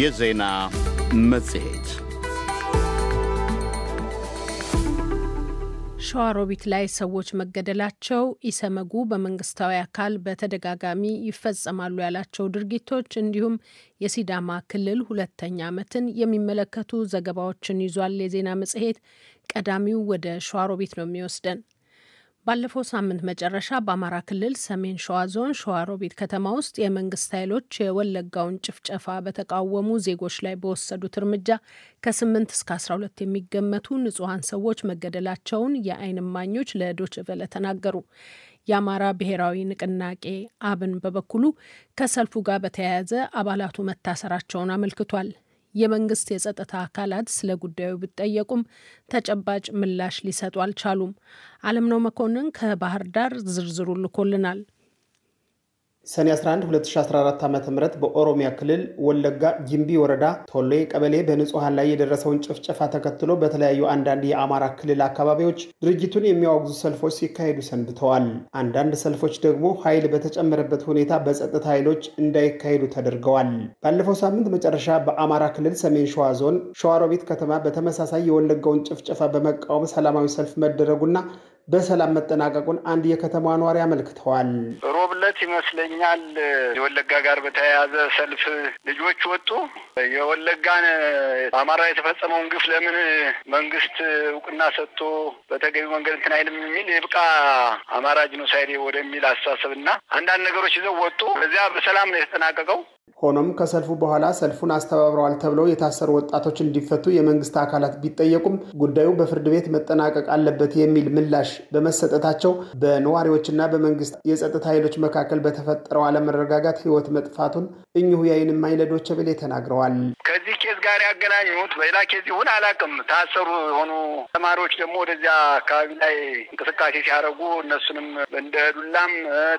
የዜና መጽሔት ሸዋሮቢት ላይ ሰዎች መገደላቸው፣ ኢሰመጉ በመንግስታዊ አካል በተደጋጋሚ ይፈጸማሉ ያላቸው ድርጊቶች እንዲሁም የሲዳማ ክልል ሁለተኛ ዓመትን የሚመለከቱ ዘገባዎችን ይዟል የዜና መጽሔት። ቀዳሚው ወደ ሸዋሮቢት ነው የሚወስደን። ባለፈው ሳምንት መጨረሻ በአማራ ክልል ሰሜን ሸዋ ዞን ሸዋሮቢት ከተማ ውስጥ የመንግስት ኃይሎች የወለጋውን ጭፍጨፋ በተቃወሙ ዜጎች ላይ በወሰዱት እርምጃ ከ8 እስከ 12 የሚገመቱ ንጹሐን ሰዎች መገደላቸውን የአይን እማኞች ለዶችቨለ ተናገሩ። የአማራ ብሔራዊ ንቅናቄ አብን በበኩሉ ከሰልፉ ጋር በተያያዘ አባላቱ መታሰራቸውን አመልክቷል። የመንግስት የጸጥታ አካላት ስለ ጉዳዩ ቢጠየቁም ተጨባጭ ምላሽ ሊሰጡ አልቻሉም። አለምነው መኮንን ከባህር ዳር ዝርዝሩ ልኮልናል። ሰኔ 11 2014 ዓ ም በኦሮሚያ ክልል ወለጋ ጊምቢ ወረዳ ቶሎይ ቀበሌ በንጹሐን ላይ የደረሰውን ጭፍጨፋ ተከትሎ በተለያዩ አንዳንድ የአማራ ክልል አካባቢዎች ድርጅቱን የሚያወግዙ ሰልፎች ሲካሄዱ ሰንብተዋል። አንዳንድ ሰልፎች ደግሞ ኃይል በተጨመረበት ሁኔታ በጸጥታ ኃይሎች እንዳይካሄዱ ተደርገዋል። ባለፈው ሳምንት መጨረሻ በአማራ ክልል ሰሜን ሸዋ ዞን ሸዋሮቢት ከተማ በተመሳሳይ የወለጋውን ጭፍጨፋ በመቃወም ሰላማዊ ሰልፍ መደረጉና በሰላም መጠናቀቁን አንድ የከተማ ነዋሪ አመልክተዋል። ሮብለት ይመስለኛል የወለጋ ጋር በተያያዘ ሰልፍ ልጆች ወጡ። የወለጋን አማራ የተፈጸመውን ግፍ ለምን መንግስት እውቅና ሰጥቶ በተገቢ መንገድ እንትን አይልም የሚል የብቃ አማራ ጂኖሳይዴ ወደሚል አስተሳሰብ አንዳንድ ነገሮች ይዘው ወጡ። በዚያ በሰላም ነው የተጠናቀቀው። ሆኖም ከሰልፉ በኋላ ሰልፉን አስተባብረዋል ተብለው የታሰሩ ወጣቶች እንዲፈቱ የመንግስት አካላት ቢጠየቁም ጉዳዩ በፍርድ ቤት መጠናቀቅ አለበት የሚል ምላሽ በመሰጠታቸው በነዋሪዎችና በመንግስት የጸጥታ ኃይሎች መካከል በተፈጠረው አለመረጋጋት ህይወት መጥፋቱን እኚሁ የአይን እማኝ ለዶይቼ ቬለ ተናግረዋል። ጋር ያገናኙት በሌላ ኬዝ ይሁን አላውቅም። ታሰሩ የሆኑ ተማሪዎች ደግሞ ወደዚያ አካባቢ ላይ እንቅስቃሴ ሲያደርጉ እነሱንም እንደ ዱላም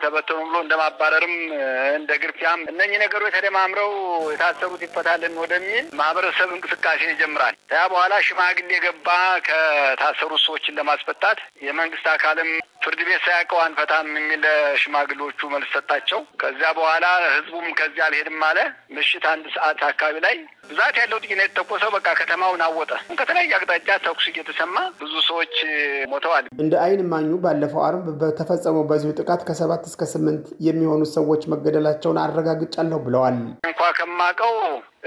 ተበተኑ ብሎ እንደ ማባረርም እንደ ግርፊያም እነኚህ ነገሮች ተደማምረው የታሰሩት ይፈታልን ወደሚል ማህበረሰብ እንቅስቃሴ ይጀምራል። ያ በኋላ ሽማግሌ ገባ ከታሰሩት ሰዎችን ለማስፈታት የመንግስት አካልም ፍርድ ቤት ሳያውቀው አንፈታም የሚል ሽማግሌዎቹ መልስ ሰጣቸው። ከዚያ በኋላ ህዝቡም ከዚያ አልሄድም አለ። ምሽት አንድ ሰዓት አካባቢ ላይ ብዛት ያለው ጥይት የተኮሰው በቃ ከተማውን አወጠ። ከተለያየ አቅጣጫ ተኩስ እየተሰማ ብዙ ሰዎች ሞተዋል። እንደ አይን ማኙ ባለፈው አርብ በተፈጸመው በዚሁ ጥቃት ከሰባት እስከ ስምንት የሚሆኑ ሰዎች መገደላቸውን አረጋግጫለሁ ብለዋል። ከማቀው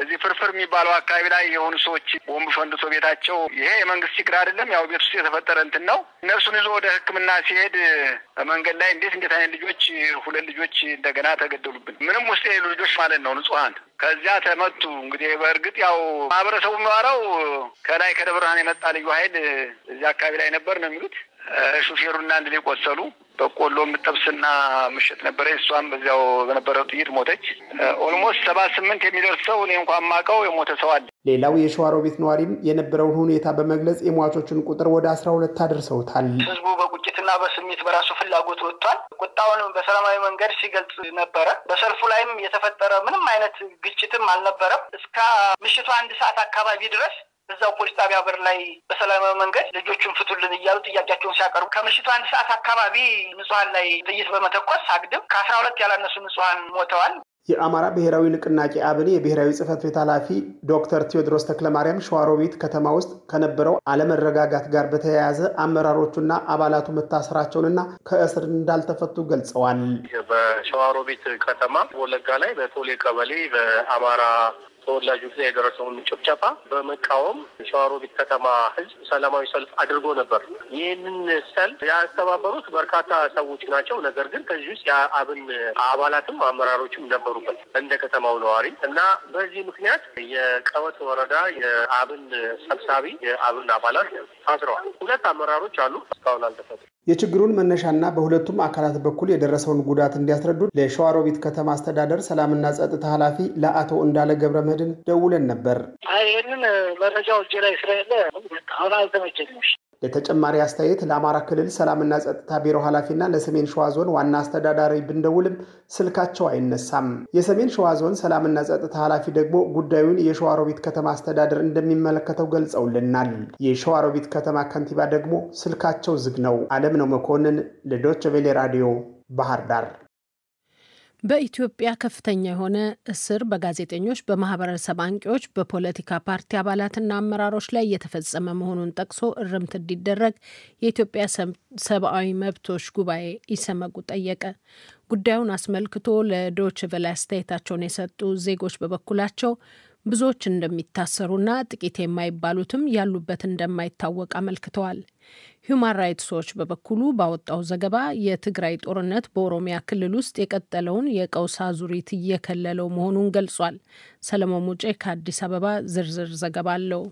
እዚህ ፍርፍር የሚባለው አካባቢ ላይ የሆኑ ሰዎች ቦምብ ፈንድቶ ቤታቸው ይሄ የመንግስት ችግር አይደለም፣ ያው ቤት ውስጥ የተፈጠረ እንትን ነው። እነርሱን ይዞ ወደ ሕክምና ሲሄድ መንገድ ላይ እንዴት እንዴት አይነት ልጆች ሁለት ልጆች እንደገና ተገደሉብን። ምንም ውስጥ የሌሉ ልጆች ማለት ነው ንጹሀን ከዚያ ተመቱ። እንግዲህ በእርግጥ ያው ማህበረሰቡ የሚዋራው ከላይ ከደብረ ብርሃን የመጣ ልዩ ኃይል እዚያ አካባቢ ላይ ነበር ነው የሚሉት ሹፌሩና አንድ ላይ ቆሰሉ። በቆሎ የምጠብስና ምሽት ነበረች። እሷም በዚያው በነበረው ጥይት ሞተች። ኦልሞስት ሰባ ስምንት ሰው እኔ እንኳ ማቀው የሞተ ሰው አለ። ሌላው የሸዋሮቢት ነዋሪም የነበረውን ሁኔታ በመግለጽ የሟቾችን ቁጥር ወደ አስራ ሁለት አድርሰውታል። ህዝቡ በቁጭትና በስሜት በራሱ ፍላጎት ወጥቷል። ቁጣውን በሰላማዊ መንገድ ሲገልጽ ነበረ። በሰልፉ ላይም የተፈጠረ ምንም አይነት ግጭትም አልነበረም። እስከ ምሽቱ አንድ ሰዓት አካባቢ ድረስ እዛው ፖሊስ ጣቢያ በር ላይ በሰላማዊ መንገድ ልጆቹን ፍቱልን እያሉ ጥያቄያቸውን ሲያቀርቡ ከምሽቱ አንድ ሰዓት አካባቢ ንጹሀን ላይ ጥይት በመተኮስ አግድም ከአስራ ሁለት ያላነሱ ንጹሀን ሞተዋል። የአማራ ብሔራዊ ንቅናቄ አብን የብሔራዊ ጽህፈት ቤት ኃላፊ ዶክተር ቴዎድሮስ ተክለማርያም ሸዋሮቢት ከተማ ውስጥ ከነበረው አለመረጋጋት ጋር በተያያዘ አመራሮቹና አባላቱ መታሰራቸውንና ከእስር እንዳልተፈቱ ገልጸዋል። በሸዋሮቢት ከተማ ወለጋ ላይ በቶሌ ቀበሌ በአማራ ተወላጆች ላይ የደረሰውን ጭፍጨፋ በመቃወም ሸዋሮቢት ከተማ ህዝብ ሰላማዊ ሰልፍ አድርጎ ነበር። ይህንን ሰልፍ ያስተባበሩት በርካታ ሰዎች ናቸው። ነገር ግን ከዚህ ውስጥ የአብን አባላትም አመራሮችም ነበሩበት እንደ ከተማው ነዋሪ እና በዚህ ምክንያት የቀወት ወረዳ የአብን ሰብሳቢ የአብን አባላት ታስረዋል። ሁለት አመራሮች አሉ እስካሁን አልተፈቱ የችግሩን መነሻና በሁለቱም አካላት በኩል የደረሰውን ጉዳት እንዲያስረዱ ለሸዋሮቢት ከተማ አስተዳደር ሰላምና ጸጥታ ኃላፊ ለአቶ እንዳለ ገብረ መድን ደውለን ነበር። ይህንን መረጃ እጄ ላይ ስለሌለ አሁን አልተመቸኝም። ለተጨማሪ አስተያየት ለአማራ ክልል ሰላምና ጸጥታ ቢሮ ኃላፊና ለሰሜን ሸዋ ዞን ዋና አስተዳዳሪ ብንደውልም ስልካቸው አይነሳም። የሰሜን ሸዋ ዞን ሰላምና ጸጥታ ኃላፊ ደግሞ ጉዳዩን የሸዋሮቢት ከተማ አስተዳደር እንደሚመለከተው ገልጸውልናል። የሸዋሮቢት ከተማ ከንቲባ ደግሞ ስልካቸው ዝግ ነው። አለም ነው መኮንን ለዶቸቬሌ ራዲዮ ባህር ዳር በኢትዮጵያ ከፍተኛ የሆነ እስር በጋዜጠኞች፣ በማህበረሰብ አንቂዎች፣ በፖለቲካ ፓርቲ አባላትና አመራሮች ላይ እየተፈጸመ መሆኑን ጠቅሶ እርምት እንዲደረግ የኢትዮጵያ ሰብአዊ መብቶች ጉባኤ ኢሰመጉ ጠየቀ። ጉዳዩን አስመልክቶ ለዶች ቨላ አስተያየታቸውን የሰጡ ዜጎች በበኩላቸው ብዙዎች እንደሚታሰሩና ጥቂት የማይባሉትም ያሉበት እንደማይታወቅ አመልክተዋል። ሁማን ራይትስ ዎች በበኩሉ ባወጣው ዘገባ የትግራይ ጦርነት በኦሮሚያ ክልል ውስጥ የቀጠለውን የቀውስ አዙሪት እየከለለው መሆኑን ገልጿል። ሰለሞን ሙጬ ከአዲስ አበባ ዝርዝር ዘገባ አለው።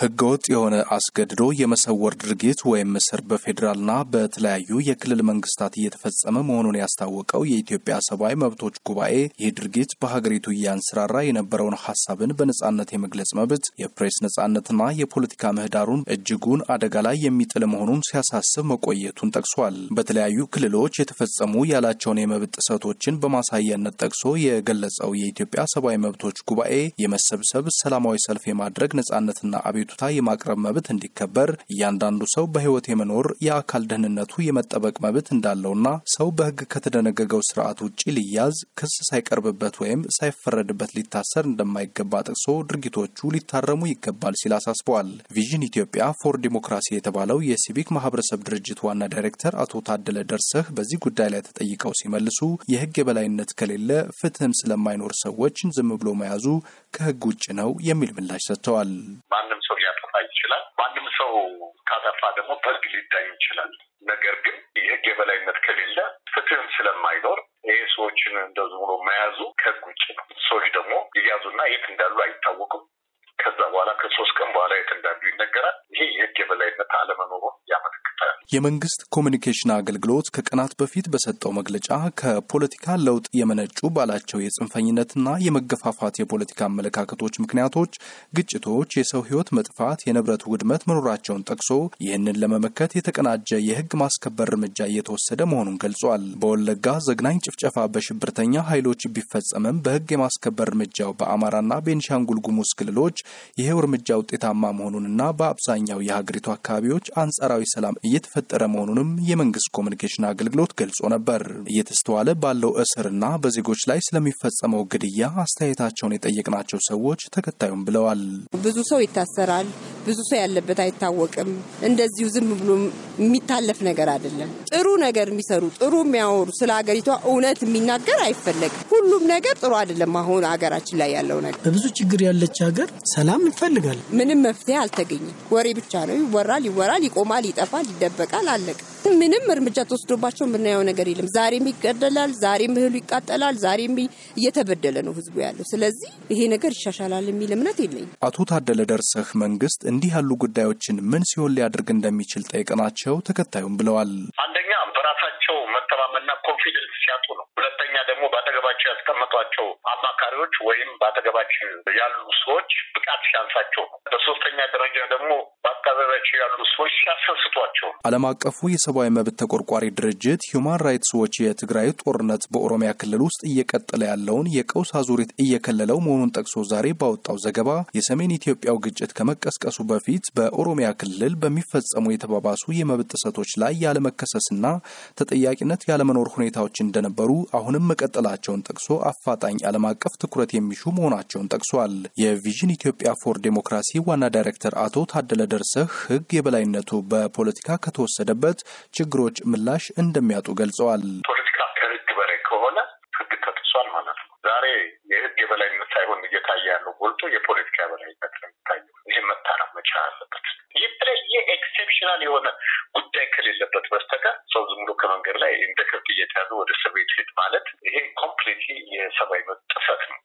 ህገወጥ የሆነ አስገድዶ የመሰወር ድርጊት ወይም እስር በፌዴራልና በተለያዩ የክልል መንግስታት እየተፈጸመ መሆኑን ያስታወቀው የኢትዮጵያ ሰብአዊ መብቶች ጉባኤ ይህ ድርጊት በሀገሪቱ እያንሰራራ የነበረውን ሀሳብን በነጻነት የመግለጽ መብት፣ የፕሬስ ነጻነትና የፖለቲካ ምህዳሩን እጅጉን አደጋ ላይ የሚጥል መሆኑን ሲያሳስብ መቆየቱን ጠቅሷል። በተለያዩ ክልሎች የተፈጸሙ ያላቸውን የመብት ጥሰቶችን በማሳያነት ጠቅሶ የገለጸው የኢትዮጵያ ሰብአዊ መብቶች ጉባኤ የመሰብሰብ፣ ሰላማዊ ሰልፍ የማድረግ ነጻነትና አብ አቤቱታ የማቅረብ መብት እንዲከበር እያንዳንዱ ሰው በህይወት የመኖር የአካል ደህንነቱ የመጠበቅ መብት እንዳለውና ሰው በሕግ ከተደነገገው ስርዓት ውጭ ሊያዝ ክስ ሳይቀርብበት ወይም ሳይፈረድበት ሊታሰር እንደማይገባ ጠቅሶ ድርጊቶቹ ሊታረሙ ይገባል ሲል አሳስበዋል። ቪዥን ኢትዮጵያ ፎር ዲሞክራሲ የተባለው የሲቪክ ማህበረሰብ ድርጅት ዋና ዳይሬክተር አቶ ታደለ ደርሰህ በዚህ ጉዳይ ላይ ተጠይቀው ሲመልሱ የሕግ የበላይነት ከሌለ ፍትህም ስለማይኖር ሰዎችን ዝም ብሎ መያዙ ከህግ ውጭ ነው የሚል ምላሽ ሰጥተዋል። ማንም ሰው ሊያጠፋ ይችላል። ማንም ሰው ካጠፋ ደግሞ በህግ ሊዳኝ ይችላል። ነገር ግን የህግ የበላይነት ከሌለ ፍትህም ስለማይኖር ይሄ ሰዎችን እንደዚህ ብሎ መያዙ ከህግ ውጭ ነው። ሰዎች ደግሞ ይያዙና የት እንዳሉ አይታወቁም። የመንግስት ኮሚኒኬሽን አገልግሎት ከቀናት በፊት በሰጠው መግለጫ ከፖለቲካ ለውጥ የመነጩ ባላቸው የጽንፈኝነትና የመገፋፋት የፖለቲካ አመለካከቶች ምክንያቶች ግጭቶች፣ የሰው ህይወት መጥፋት፣ የንብረት ውድመት መኖራቸውን ጠቅሶ ይህንን ለመመከት የተቀናጀ የህግ ማስከበር እርምጃ እየተወሰደ መሆኑን ገልጿል። በወለጋ ዘግናኝ ጭፍጨፋ በሽብርተኛ ኃይሎች ቢፈጸምም በህግ የማስከበር እርምጃው በአማራና ቤንሻንጉል ጉሙዝ ክልሎች ይሄው እርምጃ ውጤታማ መሆኑንና በአብዛኛው የሀገሪቱ አካባቢዎች አንጻራዊ ሰላም እየተፈ እየተፈጠረ መሆኑንም የመንግስት ኮሚኒኬሽን አገልግሎት ገልጾ ነበር። እየተስተዋለ ባለው እስርና በዜጎች ላይ ስለሚፈጸመው ግድያ አስተያየታቸውን የጠየቅናቸው ሰዎች ተከታዩም ብለዋል። ብዙ ሰው ይታሰራል። ብዙ ሰው ያለበት አይታወቅም። እንደዚሁ ዝም ብሎ የሚታለፍ ነገር አይደለም። ጥሩ ነገር የሚሰሩ ጥሩ የሚያወሩ ስለ ሀገሪቷ እውነት የሚናገር አይፈለግም። ሁሉም ነገር ጥሩ አይደለም። አሁን ሀገራችን ላይ ያለው ነገር በብዙ ችግር ያለች ሀገር ሰላም እንፈልጋለን። ምንም መፍትሄ አልተገኘም። ወሬ ብቻ ነው። ይወራል፣ ይወራል፣ ይቆማል፣ ይጠፋል፣ ይደበቃል። ይበቃል፣ አለቅ ምንም እርምጃ ተወስዶባቸው የምናየው ነገር የለም። ዛሬም ይገደላል፣ ዛሬም እህሉ ይቃጠላል፣ ዛሬም እየተበደለ ነው ህዝቡ ያለው። ስለዚህ ይሄ ነገር ይሻሻላል የሚል እምነት የለኝም። አቶ ታደለ ደርሰህ መንግስት እንዲህ ያሉ ጉዳዮችን ምን ሲሆን ሊያደርግ እንደሚችል ጠይቀናቸው ተከታዩም ብለዋል። መተማመንና ኮንፊደንስ ሲያጡ ነው። ሁለተኛ ደግሞ በአጠገባቸው ያስቀመጧቸው አማካሪዎች ወይም በአጠገባቸው ያሉ ሰዎች ብቃት ሲያንሳቸው ነው። በሶስተኛ ደረጃ ደግሞ በአካባቢያቸው ያሉ ሰዎች ሲያሰስቷቸው ነው። ዓለም አቀፉ የሰብአዊ መብት ተቆርቋሪ ድርጅት ሂውማን ራይትስ ዎች የትግራዩ ጦርነት በኦሮሚያ ክልል ውስጥ እየቀጠለ ያለውን የቀውስ አዙሪት እየከለለው መሆኑን ጠቅሶ ዛሬ ባወጣው ዘገባ የሰሜን ኢትዮጵያው ግጭት ከመቀስቀሱ በፊት በኦሮሚያ ክልል በሚፈጸሙ የተባባሱ የመብት ጥሰቶች ላይ ያለመከሰስና ተጠያቂነት ያለመኖር ሁኔታዎች እንደነበሩ አሁንም መቀጠላቸውን ጠቅሶ አፋጣኝ ዓለም አቀፍ ትኩረት የሚሹ መሆናቸውን ጠቅሷል። የቪዥን ኢትዮጵያ ፎር ዴሞክራሲ ዋና ዳይሬክተር አቶ ታደለ ደርሰህ ህግ የበላይነቱ በፖለቲካ ከተወሰደበት ችግሮች ምላሽ እንደሚያጡ ገልጸዋል። ፖለቲካ ከሕግ በላይ ከሆነ ሕግ ተጥሷል ማለት ነው። ዛሬ የሕግ የበላይነት ሳይሆን እየታየ ያለው ጎልቶ የፖለቲካ የበላይነት ነው የሚታየው። ይህ መታረም መቻል አለበት። የተለየ ኤክሴፕሽናል የሆነ ከሌለበት በስተቀር ሰው ዝም ብሎ ከመንገድ ላይ እንደ ከብት እየተያዙ ወደ እስር ቤት ሄድ ማለት ይሄ ኮምፕሊት የሰብአዊ መብት ጥሰት ነው።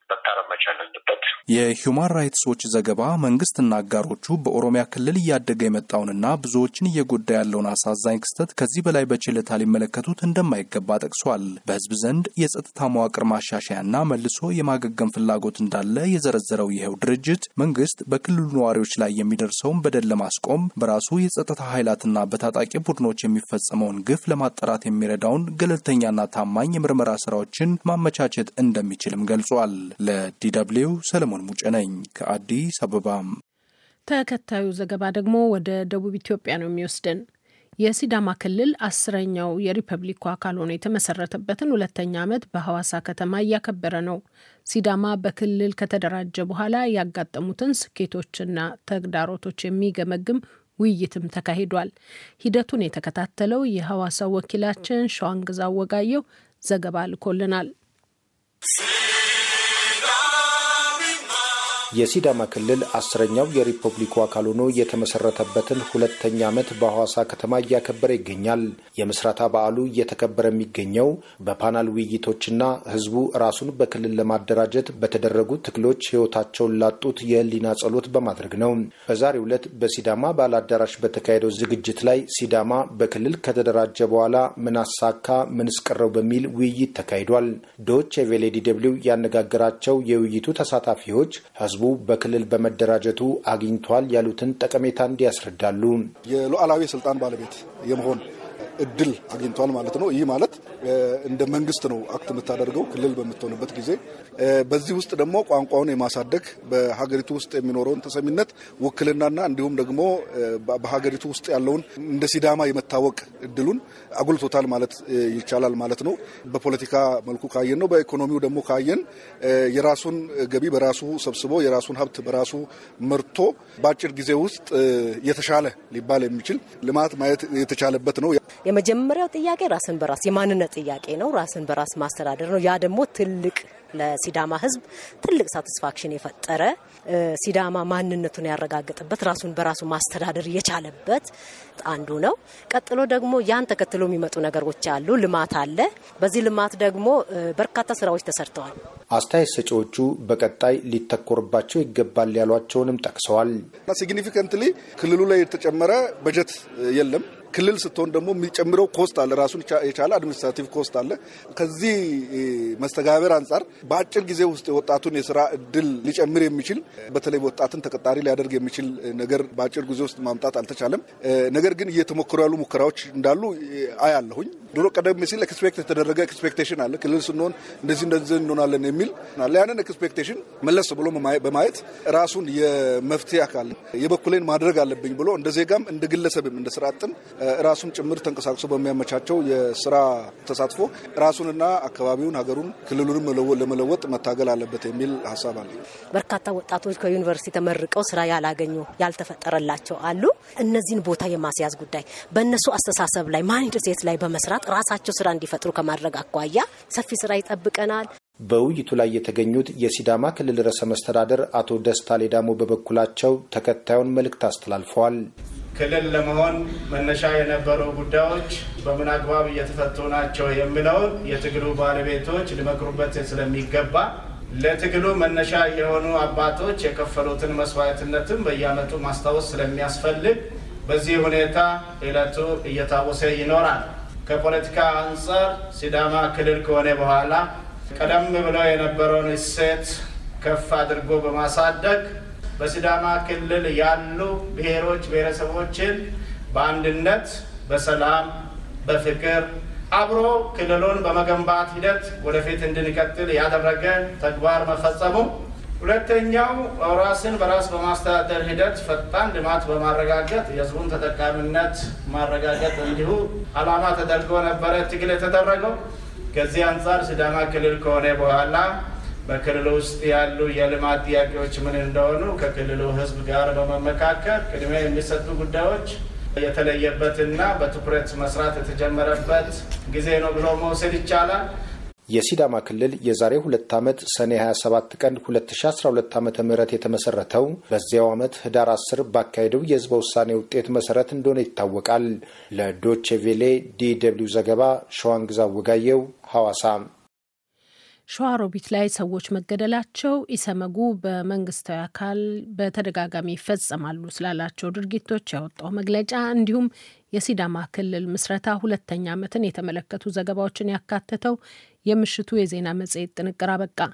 መቻል አለበት። የሁማን ራይትስ ዎች ዘገባ መንግስትና አጋሮቹ በኦሮሚያ ክልል እያደገ የመጣውንና ብዙዎችን እየጎዳ ያለውን አሳዛኝ ክስተት ከዚህ በላይ በችልታ ሊመለከቱት እንደማይገባ ጠቅሷል። በህዝብ ዘንድ የጸጥታ መዋቅር ማሻሻያና መልሶ የማገገም ፍላጎት እንዳለ የዘረዘረው ይኸው ድርጅት መንግስት በክልሉ ነዋሪዎች ላይ የሚደርሰውን በደል ለማስቆም በራሱ የጸጥታ ኃይላትና በታጣቂ ቡድኖች የሚፈጸመውን ግፍ ለማጣራት የሚረዳውን ገለልተኛና ታማኝ የምርመራ ስራዎችን ማመቻቸት እንደሚችልም ገልጿል። ዲደብልዩ ሰለሞን ሙጬ ነኝ ከአዲስ አበባ። ተከታዩ ዘገባ ደግሞ ወደ ደቡብ ኢትዮጵያ ነው የሚወስደን የሲዳማ ክልል አስረኛው የሪፐብሊኩ አካል ሆኖ የተመሰረተበትን ሁለተኛ ዓመት በሐዋሳ ከተማ እያከበረ ነው። ሲዳማ በክልል ከተደራጀ በኋላ ያጋጠሙትን ስኬቶችና ተግዳሮቶች የሚገመግም ውይይትም ተካሂዷል። ሂደቱን የተከታተለው የሐዋሳው ወኪላችን ሸዋንግዛ ወጋየው ዘገባ ልኮልናል። የሲዳማ ክልል አስረኛው የሪፐብሊኩ አካል ሆኖ የተመሰረተበትን ሁለተኛ ዓመት በሐዋሳ ከተማ እያከበረ ይገኛል። የምስረታ በዓሉ እየተከበረ የሚገኘው በፓናል ውይይቶችና ህዝቡ ራሱን በክልል ለማደራጀት በተደረጉ ትግሎች ህይወታቸውን ላጡት የህሊና ጸሎት በማድረግ ነው። በዛሬው ዕለት በሲዳማ ባህል አዳራሽ በተካሄደው ዝግጅት ላይ ሲዳማ በክልል ከተደራጀ በኋላ ምን አሳካ፣ ምን ስቀረው በሚል ውይይት ተካሂዷል። ዶች ቬሌ ዲ ደብልዩ ያነጋገራቸው የውይይቱ ተሳታፊዎች ህዝቡ በክልል በመደራጀቱ አግኝቷል ያሉትን ጠቀሜታ እንዲያስረዳሉ። የሉዓላዊ ስልጣን ባለቤት የመሆን እድል አግኝቷል ማለት ነው። ይህ ማለት እንደ መንግስት ነው አክት የምታደርገው ክልል በምትሆንበት ጊዜ። በዚህ ውስጥ ደግሞ ቋንቋውን የማሳደግ በሀገሪቱ ውስጥ የሚኖረውን ተሰሚነት ውክልናና እንዲሁም ደግሞ በሀገሪቱ ውስጥ ያለውን እንደ ሲዳማ የመታወቅ እድሉን አጉልቶታል ማለት ይቻላል ማለት ነው። በፖለቲካ መልኩ ካየን ነው። በኢኮኖሚው ደግሞ ካየን የራሱን ገቢ በራሱ ሰብስቦ የራሱን ሀብት በራሱ መርቶ በአጭር ጊዜ ውስጥ የተሻለ ሊባል የሚችል ልማት ማየት የተቻለበት ነው። የመጀመሪያው ጥያቄ ራስን በራስ የማንነት ጥያቄ ነው። ራስን በራስ ማስተዳደር ነው። ያ ደግሞ ትልቅ ለሲዳማ ህዝብ ትልቅ ሳቲስፋክሽን የፈጠረ ሲዳማ ማንነቱን ያረጋገጠበት ራሱን በራሱ ማስተዳደር የቻለበት አንዱ ነው። ቀጥሎ ደግሞ ያን ተከትሎ የሚመጡ ነገሮች አሉ። ልማት አለ። በዚህ ልማት ደግሞ በርካታ ስራዎች ተሰርተዋል። አስተያየት ሰጪዎቹ በቀጣይ ሊተኮርባቸው ይገባል ያሏቸውንም ጠቅሰዋል። ሲግኒፊካንትሊ ክልሉ ላይ የተጨመረ በጀት የለም። ክልል ስትሆን ደግሞ የሚጨምረው ኮስት አለ፣ ራሱን የቻለ አድሚኒስትራቲቭ ኮስት አለ። ከዚህ መስተጋበር አንጻር በአጭር ጊዜ ውስጥ የወጣቱን የስራ እድል ሊጨምር የሚችል በተለይ ወጣትን ተቀጣሪ ሊያደርግ የሚችል ነገር በአጭር ጊዜ ውስጥ ማምጣት አልተቻለም። ነገር ግን እየተሞከሩ ያሉ ሙከራዎች እንዳሉ አያለሁኝ። ድሮ ቀደም ሲል ኤክስፔክት የተደረገ ኤክስፔክቴሽን አለ፣ ክልል ስንሆን እንደዚህ እንደዚህ እንሆናለን የሚል አለ። ያንን ኤክስፔክቴሽን መለስ ብሎ በማየት ራሱን የመፍትሄ አካል የበኩሌን ማድረግ አለብኝ ብሎ እንደ ዜጋም እንደ ግለሰብም እንደ ስራ አጥም ራሱም ጭምር ተንቀሳቅሶ በሚያመቻቸው የስራ ተሳትፎ ራሱንና አካባቢውን ሀገሩን ክልሉንም ለመለወጥ መታገል አለበት የሚል ሀሳብ አለ። በርካታ ወጣቶች ከዩኒቨርሲቲ ተመርቀው ስራ ያላገኙ ያልተፈጠረላቸው አሉ። እነዚህን ቦታ የማስያዝ ጉዳይ በእነሱ አስተሳሰብ ላይ ማይንድ ሴት ላይ በመስራት ራሳቸው ስራ እንዲፈጥሩ ከማድረግ አኳያ ሰፊ ስራ ይጠብቀናል። በውይይቱ ላይ የተገኙት የሲዳማ ክልል ርዕሰ መስተዳደር አቶ ደስታ ሌዳሞ በበኩላቸው ተከታዩን መልእክት አስተላልፈዋል። ክልል ለመሆን መነሻ የነበሩ ጉዳዮች በምን አግባብ እየተፈቱ ናቸው የሚለውን የትግሉ ባለቤቶች ሊመክሩበት ስለሚገባ ለትግሉ መነሻ የሆኑ አባቶች የከፈሉትን መስዋዕትነትም በየዓመቱ ማስታወስ ስለሚያስፈልግ በዚህ ሁኔታ ዕለቱ እየታወሰ ይኖራል። ከፖለቲካ አንጻር ሲዳማ ክልል ከሆነ በኋላ ቀደም ብለው የነበረውን እሴት ከፍ አድርጎ በማሳደግ በሲዳማ ክልል ያሉ ብሔሮች ብሔረሰቦችን በአንድነት፣ በሰላም፣ በፍቅር አብሮ ክልሉን በመገንባት ሂደት ወደፊት እንድንቀጥል ያደረገ ተግባር መፈጸሙ ሁለተኛው ራስን በራስ በማስተዳደር ሂደት ፈጣን ልማት በማረጋገጥ የህዝቡን ተጠቃሚነት ማረጋገጥ እንዲሁ ዓላማ ተደርጎ ነበረ ትግል የተደረገው። ከዚህ አንጻር ሲዳማ ክልል ከሆነ በኋላ በክልሉ ውስጥ ያሉ የልማት ጥያቄዎች ምን እንደሆኑ ከክልሉ ህዝብ ጋር በመመካከል ቅድሚያ የሚሰጡ ጉዳዮች የተለየበትና በትኩረት መስራት የተጀመረበት ጊዜ ነው ብሎ መውሰድ ይቻላል። የሲዳማ ክልል የዛሬ ሁለት ዓመት ሰኔ 27 ቀን 2012 ዓ ም የተመሰረተው በዚያው ዓመት ህዳር 10 ባካሄደው የህዝበ ውሳኔ ውጤት መሰረት እንደሆነ ይታወቃል። ለዶቼ ቬሌ ዲ ደብልዩ ዘገባ ሸዋንግዛ ወጋየው ሐዋሳም ሸዋሮቢት ላይ ሰዎች መገደላቸው ኢሰመጉ በመንግስታዊ አካል በተደጋጋሚ ይፈጸማሉ ስላላቸው ድርጊቶች ያወጣው መግለጫ እንዲሁም የሲዳማ ክልል ምስረታ ሁለተኛ ዓመትን የተመለከቱ ዘገባዎችን ያካተተው የምሽቱ የዜና መጽሔት ጥንቅር አበቃ።